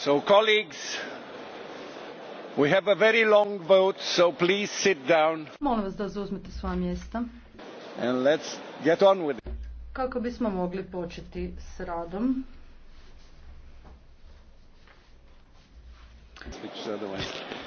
So, colleagues, we have a very long vote, so please sit down. Molim vas da zauzmete svoja mjesta. And let's get on with it. Kako bismo mogli početi s radom?